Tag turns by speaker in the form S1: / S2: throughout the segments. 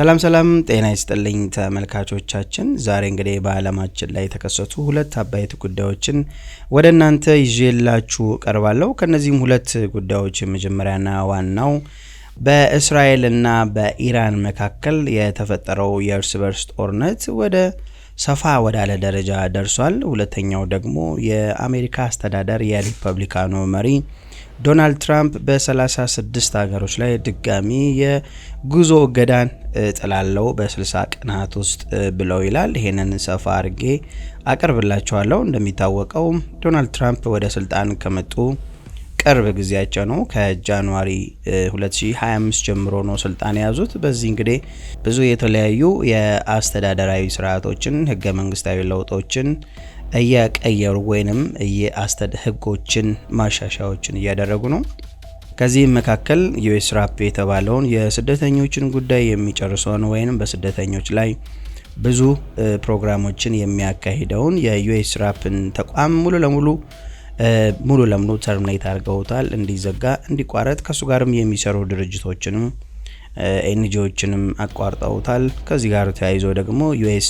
S1: ሰላም ሰላም ጤና ይስጥልኝ ተመልካቾቻችን። ዛሬ እንግዲህ በዓለማችን ላይ የተከሰቱ ሁለት አበይት ጉዳዮችን ወደ እናንተ ይዤላችሁ ቀርባለሁ። ከእነዚህም ሁለት ጉዳዮች የመጀመሪያና ዋናው በእስራኤልና በኢራን መካከል የተፈጠረው የእርስ በርስ ጦርነት ወደ ሰፋ ወዳለ ደረጃ ደርሷል። ሁለተኛው ደግሞ የአሜሪካ አስተዳደር የሪፐብሊካኑ መሪ ዶናልድ ትራምፕ በ36 ሀገሮች ላይ ድጋሚ የጉዞ እገዳን ጥላለው በ60 ቀናት ውስጥ ብለው ይላል። ይሄንን ሰፋ አርጌ አቀርብላቸዋለሁ። እንደሚታወቀው ዶናልድ ትራምፕ ወደ ስልጣን ከመጡ ቅርብ ጊዜያቸው ነው። ከጃንዋሪ 2025 ጀምሮ ነው ስልጣን የያዙት። በዚህ እንግዲህ ብዙ የተለያዩ የአስተዳደራዊ ስርዓቶችን፣ ህገ መንግስታዊ ለውጦችን እያቀየሩ ወይንም የአስተድ ህጎችን ማሻሻያዎችን እያደረጉ ነው። ከዚህም መካከል ዩኤስራፕ ራፕ የተባለውን የስደተኞችን ጉዳይ የሚጨርሰውን ወይንም በስደተኞች ላይ ብዙ ፕሮግራሞችን የሚያካሂደውን የዩኤስ ራፕን ተቋም ሙሉ ለሙሉ ሙሉ ለሙሉ ተርሚኔት አድርገውታል፣ እንዲዘጋ እንዲቋረጥ። ከእሱ ጋርም የሚሰሩ ድርጅቶችንም ኤንጂዎችንም አቋርጠውታል። ከዚህ ጋር ተያይዞ ደግሞ ዩኤስ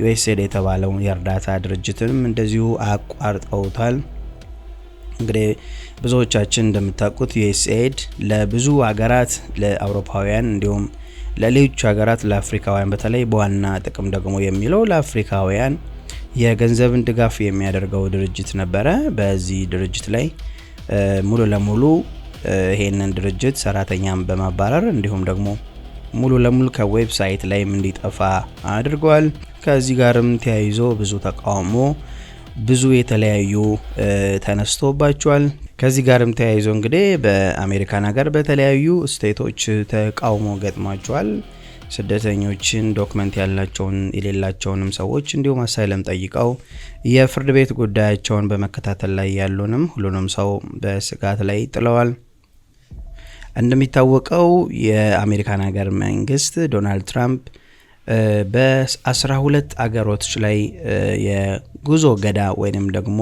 S1: ዩኤስኤድ የተባለውን የእርዳታ ድርጅትንም እንደዚሁ አቋርጠውታል። እንግዲህ ብዙዎቻችን እንደምታውቁት ዩኤስኤድ ለብዙ ሀገራት ለአውሮፓውያን እንዲሁም ለሌሎች ሀገራት ለአፍሪካውያን በተለይ በዋና ጥቅም ደግሞ የሚለው ለአፍሪካውያን የገንዘብን ድጋፍ የሚያደርገው ድርጅት ነበረ። በዚህ ድርጅት ላይ ሙሉ ለሙሉ ይሄንን ድርጅት ሰራተኛን በማባረር እንዲሁም ደግሞ ሙሉ ለሙሉ ከዌብሳይት ላይም እንዲጠፋ አድርጓል። ከዚህ ጋርም ተያይዞ ብዙ ተቃውሞ ብዙ የተለያዩ ተነስቶባቸዋል። ከዚህ ጋርም ተያይዞ እንግዲህ በአሜሪካን ሀገር በተለያዩ ስቴቶች ተቃውሞ ገጥሟቸዋል። ስደተኞችን ዶክመንት ያላቸውን የሌላቸውንም ሰዎች እንዲሁም አሳይለም ጠይቀው የፍርድ ቤት ጉዳያቸውን በመከታተል ላይ ያሉንም ሁሉንም ሰው በስጋት ላይ ጥለዋል። እንደሚታወቀው የአሜሪካን ሀገር መንግስት ዶናልድ ትራምፕ በአስራ ሁለት አገሮች ላይ የጉዞ ገዳ ወይንም ደግሞ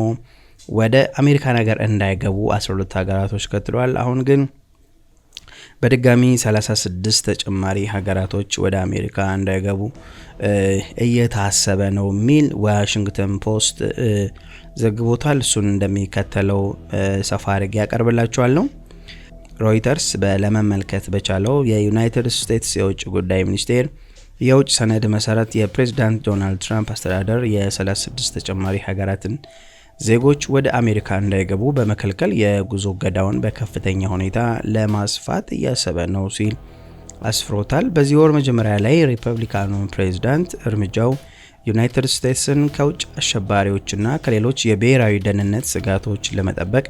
S1: ወደ አሜሪካን ሀገር እንዳይገቡ 12 ሀገራቶች ከትሏል። አሁን ግን በድጋሚ 36 ተጨማሪ ሀገራቶች ወደ አሜሪካ እንዳይገቡ እየታሰበ ነው የሚል ዋሽንግተን ፖስት ዘግቦታል። እሱን እንደሚከተለው ሰፋ አድርጌ ያቀርብላችኋለሁ። ሮይተርስ ለመመልከት በቻለው የዩናይትድ ስቴትስ የውጭ ጉዳይ ሚኒስቴር የውጭ ሰነድ መሰረት የፕሬዚዳንት ዶናልድ ትራምፕ አስተዳደር የ36 ተጨማሪ ሀገራትን ዜጎች ወደ አሜሪካ እንዳይገቡ በመከልከል የጉዞ እገዳውን በከፍተኛ ሁኔታ ለማስፋት እያሰበ ነው ሲል አስፍሮታል። በዚህ ወር መጀመሪያ ላይ ሪፐብሊካኑ ፕሬዚዳንት እርምጃው ዩናይትድ ስቴትስን ከውጭ አሸባሪዎችና ከሌሎች የብሔራዊ ደህንነት ስጋቶች ለመጠበቅ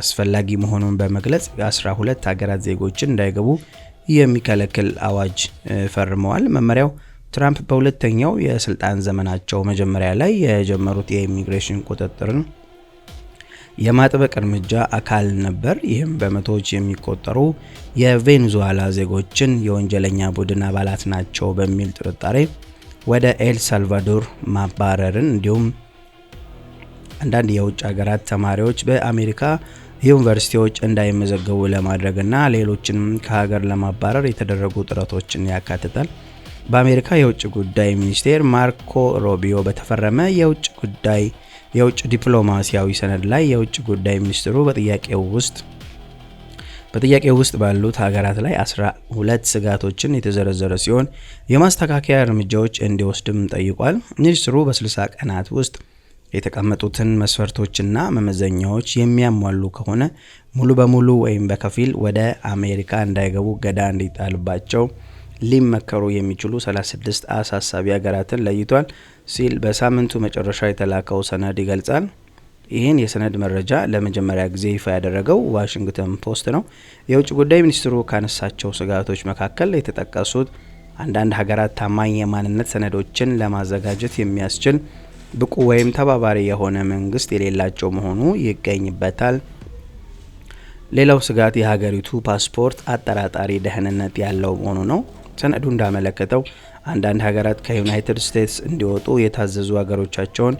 S1: አስፈላጊ መሆኑን በመግለጽ የአስራ ሁለት ሀገራት ዜጎችን እንዳይገቡ የሚከለክል አዋጅ ፈርመዋል። መመሪያው ትራምፕ በሁለተኛው የስልጣን ዘመናቸው መጀመሪያ ላይ የጀመሩት የኢሚግሬሽን ቁጥጥርን የማጥበቅ እርምጃ አካል ነበር። ይህም በመቶዎች የሚቆጠሩ የቬኔዙዌላ ዜጎችን የወንጀለኛ ቡድን አባላት ናቸው በሚል ጥርጣሬ ወደ ኤል ሳልቫዶር ማባረርን እንዲሁም አንዳንድ የውጭ ሀገራት ተማሪዎች በአሜሪካ ዩኒቨርሲቲዎች እንዳይመዘገቡ ለማድረግና ሌሎችንም ከሀገር ለማባረር የተደረጉ ጥረቶችን ያካትታል። በአሜሪካ የውጭ ጉዳይ ሚኒስቴር ማርኮ ሮቢዮ በተፈረመ የውጭ ጉዳይ የውጭ ዲፕሎማሲያዊ ሰነድ ላይ የውጭ ጉዳይ ሚኒስትሩ በጥያቄው ውስጥ በጥያቄው ውስጥ ባሉት ሀገራት ላይ 12 ስጋቶችን የተዘረዘረ ሲሆን የማስተካከያ እርምጃዎች እንዲወስድም ጠይቋል። ሚኒስትሩ በ60 ቀናት ውስጥ የተቀመጡትን መስፈርቶችና መመዘኛዎች የሚያሟሉ ከሆነ ሙሉ በሙሉ ወይም በከፊል ወደ አሜሪካ እንዳይገቡ ገዳ እንዲጣልባቸው ሊመከሩ የሚችሉ 36 አሳሳቢ ሀገራትን ለይቷል ሲል በሳምንቱ መጨረሻ የተላከው ሰነድ ይገልጻል። ይህን የሰነድ መረጃ ለመጀመሪያ ጊዜ ይፋ ያደረገው ዋሽንግተን ፖስት ነው። የውጭ ጉዳይ ሚኒስትሩ ካነሳቸው ስጋቶች መካከል የተጠቀሱት አንዳንድ ሀገራት ታማኝ የማንነት ሰነዶችን ለማዘጋጀት የሚያስችል ብቁ ወይም ተባባሪ የሆነ መንግስት የሌላቸው መሆኑ ይገኝበታል። ሌላው ስጋት የሀገሪቱ ፓስፖርት አጠራጣሪ ደህንነት ያለው መሆኑ ነው። ሰነዱ እንዳመለከተው አንዳንድ ሀገራት ከዩናይትድ ስቴትስ እንዲወጡ የታዘዙ ሀገሮቻቸውን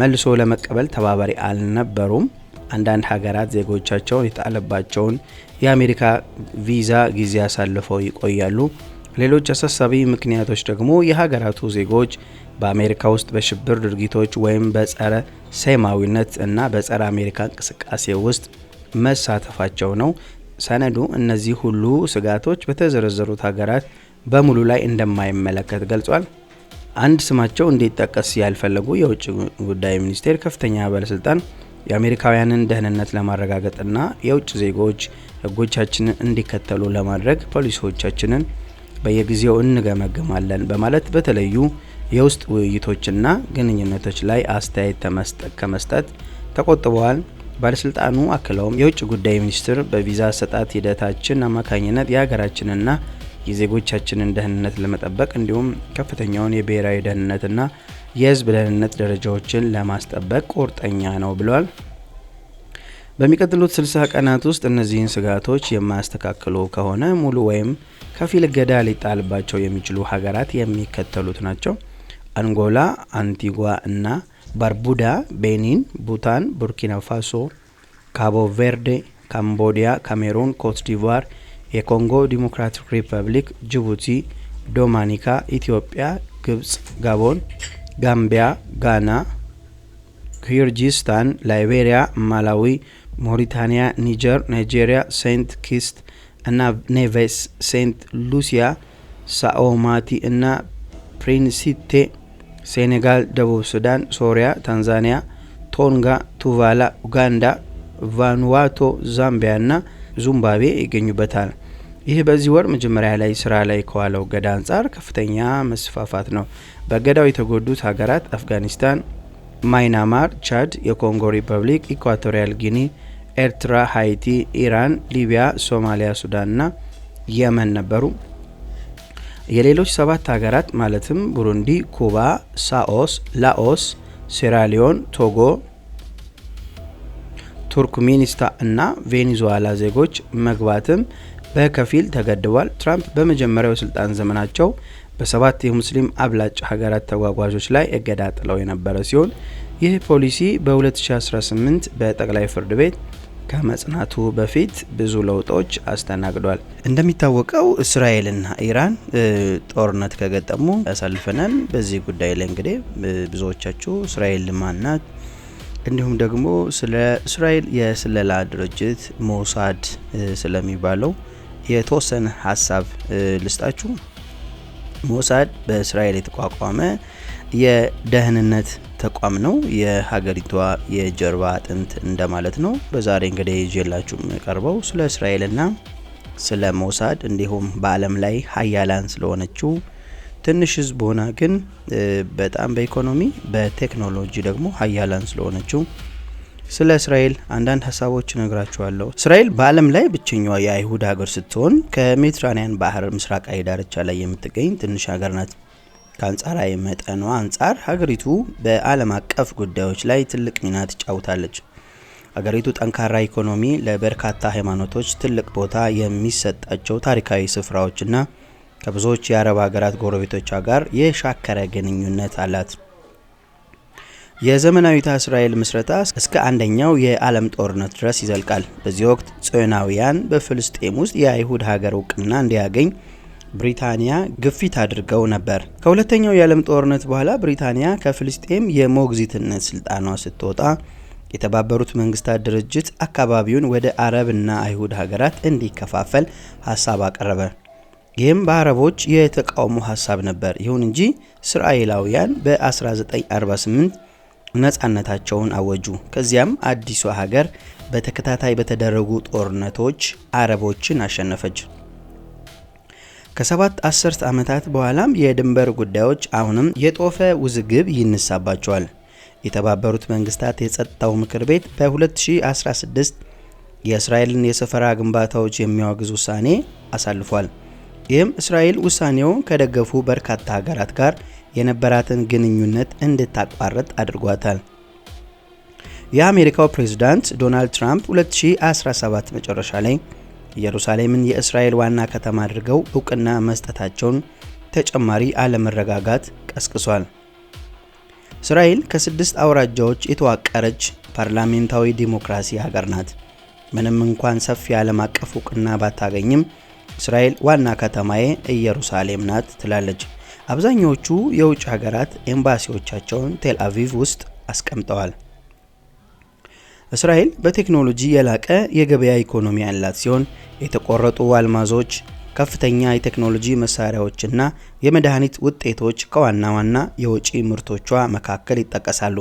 S1: መልሶ ለመቀበል ተባባሪ አልነበሩም። አንዳንድ ሀገራት ዜጎቻቸውን የጣለባቸውን የአሜሪካ ቪዛ ጊዜ አሳልፈው ይቆያሉ። ሌሎች አሳሳቢ ምክንያቶች ደግሞ የሀገራቱ ዜጎች በአሜሪካ ውስጥ በሽብር ድርጊቶች ወይም በጸረ ሴማዊነት እና በጸረ አሜሪካ እንቅስቃሴ ውስጥ መሳተፋቸው ነው። ሰነዱ እነዚህ ሁሉ ስጋቶች በተዘረዘሩት ሀገራት በሙሉ ላይ እንደማይመለከት ገልጿል። አንድ ስማቸው እንዲጠቀስ ያልፈለጉ የውጭ ጉዳይ ሚኒስቴር ከፍተኛ ባለስልጣን የአሜሪካውያንን ደህንነት ለማረጋገጥና የውጭ ዜጎች ሕጎቻችንን እንዲከተሉ ለማድረግ ፖሊሲዎቻችንን በየጊዜው እንገመግማለን በማለት በተለዩ የውስጥ ውይይቶችና ግንኙነቶች ላይ አስተያየት ከመስጠት ተቆጥበዋል። ባለስልጣኑ አክለውም የውጭ ጉዳይ ሚኒስትር በቪዛ ሰጣት ሂደታችን አማካኝነት የሀገራችንና የዜጎቻችንን ደህንነት ለመጠበቅ እንዲሁም ከፍተኛውን የብሔራዊ ደህንነትና የሕዝብ ደህንነት ደረጃዎችን ለማስጠበቅ ቁርጠኛ ነው ብሏል። በሚቀጥሉት 60 ቀናት ውስጥ እነዚህን ስጋቶች የማያስተካክሉ ከሆነ ሙሉ ወይም ከፊል እገዳ ሊጣልባቸው የሚችሉ ሀገራት የሚከተሉት ናቸው። አንጎላ፣ አንቲጓ እና ባርቡዳ፣ ቤኒን፣ ቡታን፣ ቡርኪና ፋሶ፣ ካቦ ቬርዴ፣ ካምቦዲያ፣ ካሜሩን፣ ኮት ዲቫር፣ የኮንጎ ዲሞክራቲክ ሪፐብሊክ፣ ጅቡቲ፣ ዶማኒካ፣ ኢትዮጵያ፣ ግብፅ፣ ጋቦን፣ ጋምቢያ፣ ጋና፣ ኪርጂስታን፣ ላይቤሪያ፣ ማላዊ ሞሪታንያ፣ ኒጀር፣ ናይጄሪያ፣ ሴንት ኪስት እና ኔቬስ፣ ሴንት ሉሲያ፣ ሳኦማቲ እና ፕሪንሲቴ፣ ሴኔጋል፣ ደቡብ ሱዳን፣ ሶሪያ፣ ታንዛኒያ፣ ቶንጋ፣ ቱቫላ፣ ኡጋንዳ፣ ቫንዋቶ፣ ዛምቢያ እና ዙምባቤ ይገኙበታል። ይህ በዚህ ወር መጀመሪያ ላይ ስራ ላይ ከዋለው ገዳ አንጻር ከፍተኛ መስፋፋት ነው። በገዳው የተጎዱት ሀገራት አፍጋኒስታን፣ ማይናማር፣ ቻድ፣ የኮንጎ ሪፐብሊክ፣ ኢኳቶሪያል ጊኒ ኤርትራ፣ ሃይቲ፣ ኢራን፣ ሊቢያ፣ ሶማሊያ፣ ሱዳን ና የመን ነበሩ። የሌሎች ሰባት ሀገራት ማለትም ቡሩንዲ፣ ኩባ፣ ሳኦስ፣ ላኦስ፣ ሴራሊዮን፣ ቶጎ፣ ቱርክሜኒስታ እና ቬኔዙዋላ ዜጎች መግባትም በከፊል ተገድቧል። ትራምፕ በመጀመሪያው የስልጣን ዘመናቸው በሰባት የሙስሊም አብላጭ ሀገራት ተጓጓዦች ላይ እገዳ ጥለው የነበረ ሲሆን ይህ ፖሊሲ በ2018 በጠቅላይ ፍርድ ቤት ከመጽናቱ በፊት ብዙ ለውጦች አስተናግዷል። እንደሚታወቀው እስራኤልና ኢራን ጦርነት ከገጠሙ ያሳልፈናል። በዚህ ጉዳይ ላይ እንግዲህ ብዙዎቻችሁ እስራኤል ማናት፣ እንዲሁም ደግሞ ስለ እስራኤል የስለላ ድርጅት ሞሳድ ስለሚባለው የተወሰነ ሀሳብ ልስጣችሁ። ሞሳድ በእስራኤል የተቋቋመ የደህንነት ተቋም ነው። የሀገሪቷ የጀርባ አጥንት እንደማለት ነው። በዛሬ እንግዲህ ይዤላችሁ የቀርበው ስለ እስራኤልና ስለ ሞሳድ እንዲሁም በዓለም ላይ ሀያላን ስለሆነችው ትንሽ ህዝብ ሆና ግን በጣም በኢኮኖሚ በቴክኖሎጂ ደግሞ ሀያላን ስለሆነችው ስለ እስራኤል አንዳንድ ሀሳቦች እነግራችኋለሁ። እስራኤል በዓለም ላይ ብቸኛዋ የአይሁድ ሀገር ስትሆን ከሜዲትራኒያን ባህር ምስራቃዊ ዳርቻ ላይ የምትገኝ ትንሽ ሀገር ናት። ከአንጻራዊ መጠኗ አንጻር ሀገሪቱ በዓለም አቀፍ ጉዳዮች ላይ ትልቅ ሚና ትጫወታለች። ሀገሪቱ ጠንካራ ኢኮኖሚ፣ ለበርካታ ሃይማኖቶች ትልቅ ቦታ የሚሰጣቸው ታሪካዊ ስፍራዎችና ከብዙዎች የአረብ ሀገራት ጎረቤቶቿ ጋር የሻከረ ግንኙነት አላት። የዘመናዊቷ እስራኤል ምስረታ እስከ አንደኛው የዓለም ጦርነት ድረስ ይዘልቃል። በዚህ ወቅት ጽዮናውያን በፍልስጤም ውስጥ የአይሁድ ሀገር እውቅና እንዲያገኝ ብሪታንያ ግፊት አድርገው ነበር። ከሁለተኛው የዓለም ጦርነት በኋላ ብሪታንያ ከፍልስጤም የሞግዚትነት ስልጣኗ ስትወጣ የተባበሩት መንግስታት ድርጅት አካባቢውን ወደ አረብና አይሁድ ሀገራት እንዲከፋፈል ሀሳብ አቀረበ። ይህም በአረቦች የተቃውሞ ሀሳብ ነበር። ይሁን እንጂ እስራኤላውያን በ1948 ነፃነታቸውን አወጁ። ከዚያም አዲሷ ሀገር በተከታታይ በተደረጉ ጦርነቶች አረቦችን አሸነፈች። ከሰባት አስርት ዓመታት በኋላም የድንበር ጉዳዮች አሁንም የጦፈ ውዝግብ ይነሳባቸዋል። የተባበሩት መንግስታት የጸጥታው ምክር ቤት በ2016 የእስራኤልን የሰፈራ ግንባታዎች የሚያወግዝ ውሳኔ አሳልፏል። ይህም እስራኤል ውሳኔውን ከደገፉ በርካታ ሀገራት ጋር የነበራትን ግንኙነት እንድታቋርጥ አድርጓታል። የአሜሪካው ፕሬዝዳንት ዶናልድ ትራምፕ 2017 መጨረሻ ላይ ኢየሩሳሌምን የእስራኤል ዋና ከተማ አድርገው እውቅና መስጠታቸውን ተጨማሪ አለመረጋጋት ቀስቅሷል። እስራኤል ከስድስት አውራጃዎች የተዋቀረች ፓርላሜንታዊ ዲሞክራሲ ሀገር ናት። ምንም እንኳን ሰፊ ዓለም አቀፍ እውቅና ባታገኝም እስራኤል ዋና ከተማዬ ኢየሩሳሌም ናት ትላለች። አብዛኛዎቹ የውጭ ሀገራት ኤምባሲዎቻቸውን ቴል አቪቭ ውስጥ አስቀምጠዋል። እስራኤል በቴክኖሎጂ የላቀ የገበያ ኢኮኖሚ ያላት ሲሆን የተቆረጡ አልማዞች፣ ከፍተኛ የቴክኖሎጂ መሳሪያዎችና የመድኃኒት ውጤቶች ከዋና ዋና የውጪ ምርቶቿ መካከል ይጠቀሳሉ።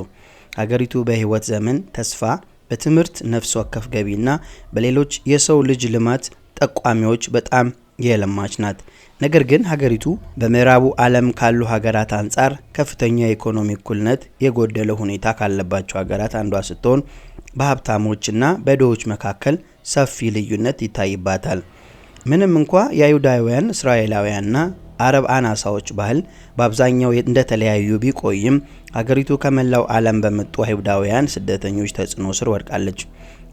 S1: ሀገሪቱ በህይወት ዘመን ተስፋ፣ በትምህርት ነፍስ ወከፍ ገቢና በሌሎች የሰው ልጅ ልማት ጠቋሚዎች በጣም የለማች ናት። ነገር ግን ሀገሪቱ በምዕራቡ ዓለም ካሉ ሀገራት አንጻር ከፍተኛ የኢኮኖሚ እኩልነት የጎደለ ሁኔታ ካለባቸው ሀገራት አንዷ ስትሆን በሀብታሞችና በድሆች መካከል ሰፊ ልዩነት ይታይባታል። ምንም እንኳ የአይሁዳውያን እስራኤላውያንና አረብ አናሳዎች ባህል በአብዛኛው እንደተለያዩ ቢቆይም አገሪቱ ከመላው ዓለም በመጡ አይሁዳውያን ስደተኞች ተጽዕኖ ስር ወድቃለች።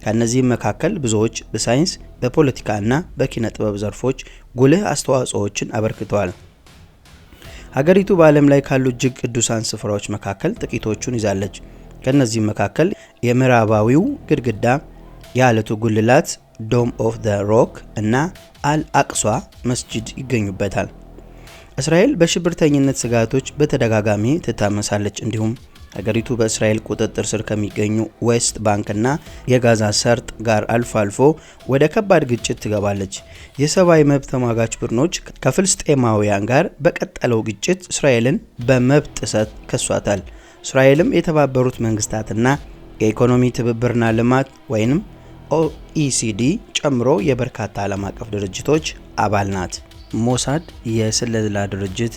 S1: ከእነዚህም መካከል ብዙዎች በሳይንስ በፖለቲካና በኪነ ጥበብ ዘርፎች ጉልህ አስተዋጽኦዎችን አበርክተዋል። ሀገሪቱ በዓለም ላይ ካሉ እጅግ ቅዱሳን ስፍራዎች መካከል ጥቂቶቹን ይዛለች። ከእነዚህም መካከል የምዕራባዊው ግድግዳ፣ የአለቱ ጉልላት ዶም ኦፍ ዘ ሮክ እና አልአቅሷ መስጂድ ይገኙበታል። እስራኤል በሽብርተኝነት ስጋቶች በተደጋጋሚ ትታመሳለች። እንዲሁም ሀገሪቱ በእስራኤል ቁጥጥር ስር ከሚገኙ ዌስት ባንክና የጋዛ ሰርጥ ጋር አልፎ አልፎ ወደ ከባድ ግጭት ትገባለች። የሰብአዊ መብት ተሟጋች ቡድኖች ከፍልስጤማውያን ጋር በቀጠለው ግጭት እስራኤልን በመብት ጥሰት ከሷታል። እስራኤልም የተባበሩት መንግስታትና የኢኮኖሚ ትብብርና ልማት ወይንም ኦኢሲዲ ጨምሮ የበርካታ ዓለም አቀፍ ድርጅቶች አባል ናት። ሞሳድ የስለላ ድርጅት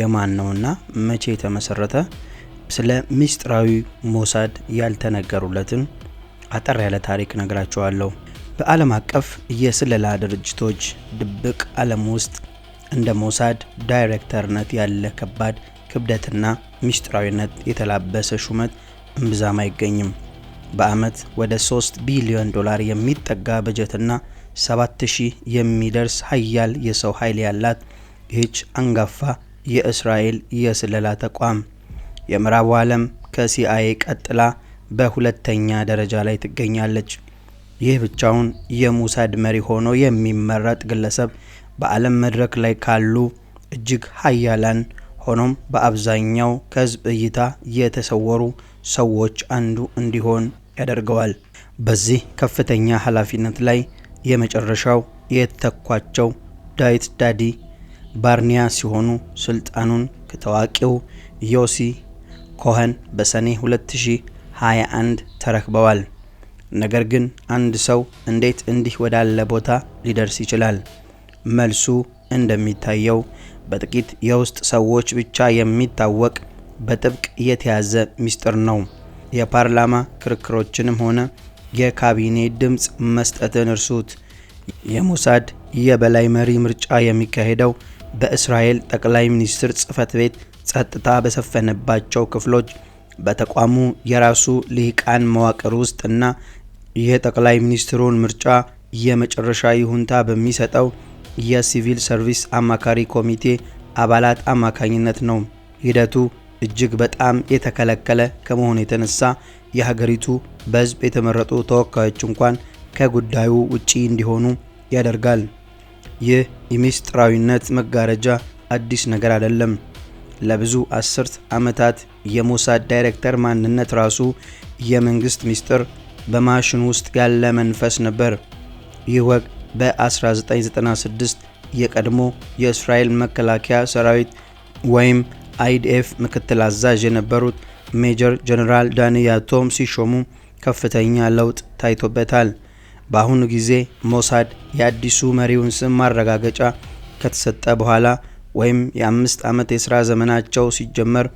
S1: የማን ነውና መቼ የተመሰረተ? ስለ ሚስጥራዊ ሞሳድ ያልተነገሩለትን አጠር ያለ ታሪክ ነግራችኋለሁ። በዓለም አቀፍ የስለላ ድርጅቶች ድብቅ ዓለም ውስጥ እንደ ሞሳድ ዳይሬክተርነት ያለ ከባድ ክብደትና ሚስጥራዊነት የተላበሰ ሹመት እምብዛም አይገኝም። በአመት ወደ 3 ቢሊዮን ዶላር የሚጠጋ በጀትና 7000 የሚደርስ ሀያል የሰው ኃይል ያላት ይህች አንጋፋ የእስራኤል የስለላ ተቋም የምዕራቡ ዓለም ከሲአይኤ ቀጥላ በሁለተኛ ደረጃ ላይ ትገኛለች። ይህ ብቻውን የሙሳድ መሪ ሆኖ የሚመረጥ ግለሰብ በዓለም መድረክ ላይ ካሉ እጅግ ሀያላን ሆኖም በአብዛኛው ከህዝብ እይታ የተሰወሩ ሰዎች አንዱ እንዲሆን ያደርገዋል። በዚህ ከፍተኛ ኃላፊነት ላይ የመጨረሻው የተኳቸው ዳዊት ዳዲ ባርኒያ ሲሆኑ ስልጣኑን ከታዋቂው ዮሲ ኮኸን በሰኔ 2021 ተረክበዋል። ነገር ግን አንድ ሰው እንዴት እንዲህ ወዳለ ቦታ ሊደርስ ይችላል? መልሱ እንደሚታየው በጥቂት የውስጥ ሰዎች ብቻ የሚታወቅ በጥብቅ የተያዘ ሚስጥር ነው። የፓርላማ ክርክሮችንም ሆነ የካቢኔ ድምፅ መስጠትን እርሱት። የሞሳድ የበላይ መሪ ምርጫ የሚካሄደው በእስራኤል ጠቅላይ ሚኒስትር ጽህፈት ቤት ጸጥታ በሰፈነባቸው ክፍሎች በተቋሙ የራሱ ልሂቃን መዋቅር ውስጥ እና የጠቅላይ ሚኒስትሩን ምርጫ የመጨረሻ ይሁንታ በሚሰጠው የሲቪል ሰርቪስ አማካሪ ኮሚቴ አባላት አማካኝነት ነው። ሂደቱ እጅግ በጣም የተከለከለ ከመሆኑ የተነሳ የሀገሪቱ በህዝብ የተመረጡ ተወካዮች እንኳን ከጉዳዩ ውጪ እንዲሆኑ ያደርጋል። ይህ የምስጢራዊነት መጋረጃ አዲስ ነገር አይደለም። ለብዙ አስርት ዓመታት የሞሳድ ዳይሬክተር ማንነት ራሱ የመንግስት ሚስጥር በማሽን ውስጥ ያለ መንፈስ ነበር። ይህ ወግ በ1996 የቀድሞ የእስራኤል መከላከያ ሰራዊት ወይም አይዲኤፍ ምክትል አዛዥ የነበሩት ሜጀር ጀነራል ዳንያ ቶም ሲሾሙ ከፍተኛ ለውጥ ታይቶበታል። በአሁኑ ጊዜ ሞሳድ የአዲሱ መሪውን ስም ማረጋገጫ ከተሰጠ በኋላ ወይም የአምስት ዓመት የሥራ ዘመናቸው ሲጀመር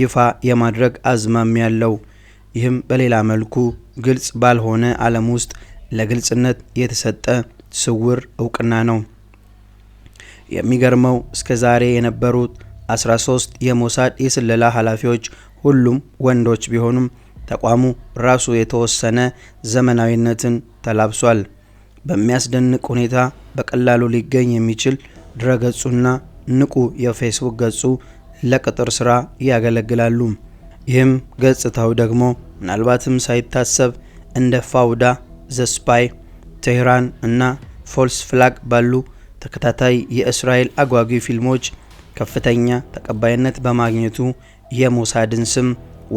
S1: ይፋ የማድረግ አዝማሚያ ያለው፣ ይህም በሌላ መልኩ ግልጽ ባልሆነ ዓለም ውስጥ ለግልጽነት የተሰጠ ስውር እውቅና ነው። የሚገርመው እስከ ዛሬ የነበሩት 13 የሞሳድ የስለላ ኃላፊዎች ሁሉም ወንዶች ቢሆኑም ተቋሙ ራሱ የተወሰነ ዘመናዊነትን ተላብሷል። በሚያስደንቅ ሁኔታ በቀላሉ ሊገኝ የሚችል ድረገጹና ንቁ የፌስቡክ ገጹ ለቅጥር ስራ ያገለግላሉ። ይህም ገጽታው ደግሞ ምናልባትም ሳይታሰብ እንደ ፋውዳ ዘስፓይ ቴህራን እና ፎልስ ፍላግ ባሉ ተከታታይ የእስራኤል አጓጊ ፊልሞች ከፍተኛ ተቀባይነት በማግኘቱ የሞሳድን ስም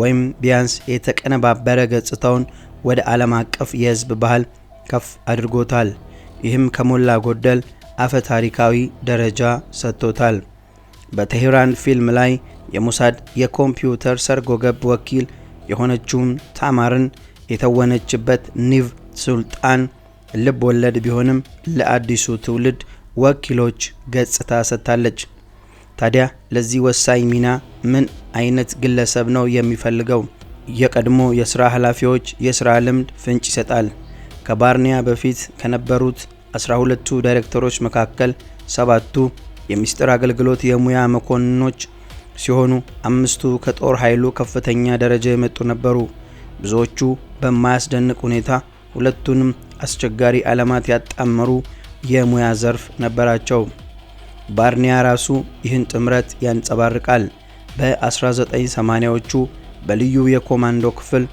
S1: ወይም ቢያንስ የተቀነባበረ ገጽታውን ወደ ዓለም አቀፍ የሕዝብ ባህል ከፍ አድርጎታል። ይህም ከሞላ ጎደል አፈ ታሪካዊ ደረጃ ሰጥቶታል። በቴህራን ፊልም ላይ የሞሳድ የኮምፒውተር ሰርጎ ገብ ወኪል የሆነችውን ታማርን የተወነችበት ኒቭ ሱልጣን ልብ ወለድ ቢሆንም ለአዲሱ ትውልድ ወኪሎች ገጽታ ሰጥታለች። ታዲያ ለዚህ ወሳኝ ሚና ምን አይነት ግለሰብ ነው የሚፈልገው? የቀድሞ የሥራ ኃላፊዎች የሥራ ልምድ ፍንጭ ይሰጣል። ከባርኒያ በፊት ከነበሩት 12ቱ ዳይሬክተሮች መካከል ሰባቱ የሚስጥር አገልግሎት የሙያ መኮንኖች ሲሆኑ አምስቱ ከጦር ኃይሉ ከፍተኛ ደረጃ የመጡ ነበሩ። ብዙዎቹ በማያስደንቅ ሁኔታ ሁለቱንም አስቸጋሪ ዓለማት ያጣመሩ የሙያ ዘርፍ ነበራቸው። ባርኒያ ራሱ ይህን ጥምረት ያንጸባርቃል። በ1980ዎቹ በልዩ የኮማንዶ ክፍል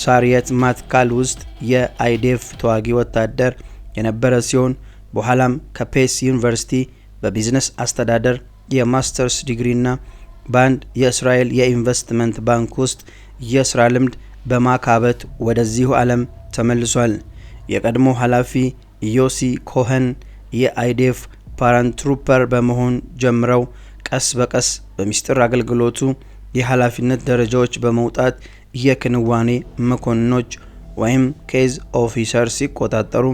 S1: ሳርየት ማትካል ውስጥ የአይዴፍ ተዋጊ ወታደር የነበረ ሲሆን በኋላም ከፔስ ዩኒቨርሲቲ በቢዝነስ አስተዳደር የማስተርስ ዲግሪና በአንድ የእስራኤል የኢንቨስትመንት ባንክ ውስጥ የስራ ልምድ በማካበት ወደዚሁ ዓለም ተመልሷል። የቀድሞ ኃላፊ ዮሲ ኮኸን የአይዴፍ ፓራንትሩፐር በመሆን ጀምረው ቀስ በቀስ በሚስጥር አገልግሎቱ የኃላፊነት ደረጃዎች በመውጣት የክንዋኔ መኮንኖች ወይም ኬዝ ኦፊሰር ሲቆጣጠሩ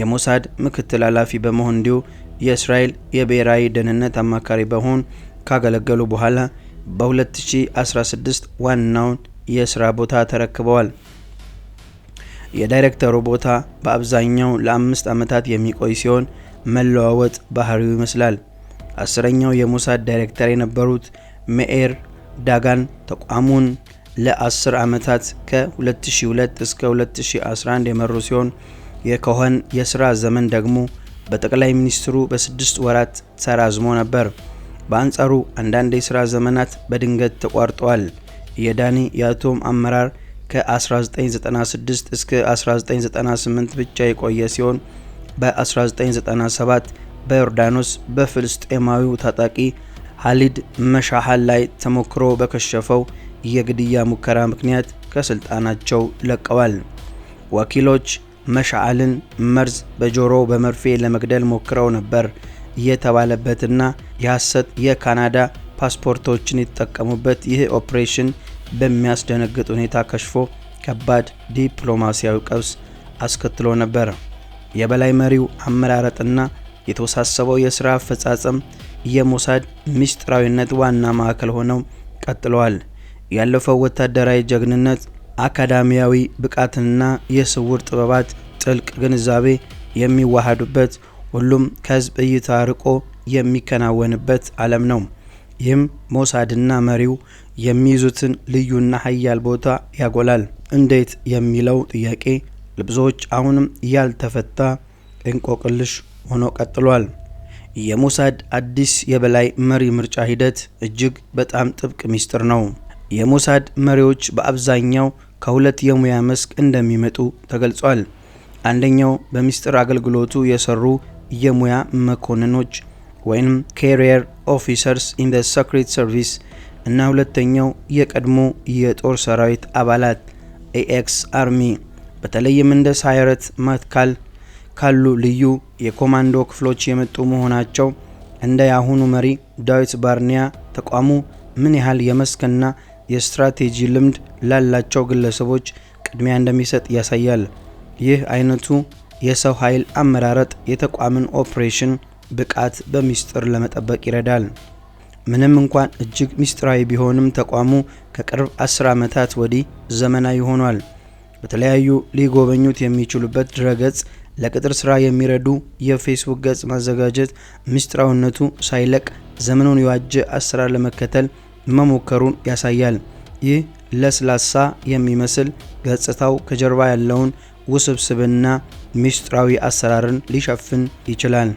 S1: የሞሳድ ምክትል ኃላፊ በመሆን እንዲሁ የእስራኤል የብሔራዊ ደህንነት አማካሪ በመሆን ካገለገሉ በኋላ በ2016 ዋናውን የስራ ቦታ ተረክበዋል። የዳይሬክተሩ ቦታ በአብዛኛው ለአምስት ዓመታት የሚቆይ ሲሆን መለዋወጥ ባህሪው ይመስላል። አስረኛው የሞሳድ ዳይሬክተር የነበሩት ሜኤር ዳጋን ተቋሙን ለ10 ዓመታት ከ2002 እስከ 2011 የመሩ ሲሆን የኮኸን የሥራ ዘመን ደግሞ በጠቅላይ ሚኒስትሩ በስድስት ወራት ተራዝሞ ነበር። በአንጻሩ አንዳንድ የሥራ ዘመናት በድንገት ተቋርጠዋል። የዳኒ የአቶም አመራር ከ1996 እስከ 1998 ብቻ የቆየ ሲሆን በ1997 በዮርዳኖስ በፍልስጤማዊው ታጣቂ ሀሊድ መሻሃል ላይ ተሞክሮ በከሸፈው የግድያ ሙከራ ምክንያት ከስልጣናቸው ለቀዋል። ወኪሎች መሻዓልን መርዝ በጆሮ በመርፌ ለመግደል ሞክረው ነበር የተባለበትና የሐሰት የካናዳ ፓስፖርቶችን የተጠቀሙበት ይህ ኦፕሬሽን በሚያስደነግጥ ሁኔታ ከሽፎ ከባድ ዲፕሎማሲያዊ ቀውስ አስከትሎ ነበር። የበላይ መሪው አመራረጥና የተወሳሰበው የሥራ አፈጻጸም የሞሳድ ምስጢራዊነት ዋና ማዕከል ሆነው ቀጥለዋል። ያለፈው ወታደራዊ ጀግንነት፣ አካዳሚያዊ ብቃትና የስውር ጥበባት ጥልቅ ግንዛቤ የሚዋሃዱበት ሁሉም ከህዝብ እይታ ርቆ የሚከናወንበት ዓለም ነው። ይህም ሞሳድና መሪው የሚይዙትን ልዩና ሀያል ቦታ ያጎላል። እንዴት የሚለው ጥያቄ ለብዙዎች አሁንም ያልተፈታ እንቆቅልሽ ሆኖ ቀጥሏል። የሞሳድ አዲስ የበላይ መሪ ምርጫ ሂደት እጅግ በጣም ጥብቅ ሚስጥር ነው። የሞሳድ መሪዎች በአብዛኛው ከሁለት የሙያ መስክ እንደሚመጡ ተገልጿል። አንደኛው በሚስጥር አገልግሎቱ የሰሩ የሙያ መኮንኖች ወይም ካሪየር ኦፊሰርስ ኢን ሰክሬት ሰርቪስ እና ሁለተኛው የቀድሞ የጦር ሰራዊት አባላት ኤኤክስ አርሚ በተለይም እንደ ሳይረት ማትካል ካሉ ልዩ የኮማንዶ ክፍሎች የመጡ መሆናቸው እንደ የአሁኑ መሪ ዳዊት ባርኒያ ተቋሙ ምን ያህል የመስክና የስትራቴጂ ልምድ ላላቸው ግለሰቦች ቅድሚያ እንደሚሰጥ ያሳያል። ይህ አይነቱ የሰው ኃይል አመራረጥ የተቋምን ኦፕሬሽን ብቃት በሚስጥር ለመጠበቅ ይረዳል። ምንም እንኳን እጅግ ምስጢራዊ ቢሆንም ተቋሙ ከቅርብ አስር ዓመታት ወዲህ ዘመናዊ ሆኗል። በተለያዩ ሊጎበኙት የሚችሉበት ድረገጽ፣ ለቅጥር ስራ የሚረዱ የፌስቡክ ገጽ ማዘጋጀት ምስጢራዊነቱ ሳይለቅ ዘመኑን የዋጀ አሰራር ለመከተል መሞከሩን ያሳያል። ይህ ለስላሳ የሚመስል ገጽታው ከጀርባ ያለውን ውስብስብና ምስጢራዊ አሰራርን ሊሸፍን ይችላል።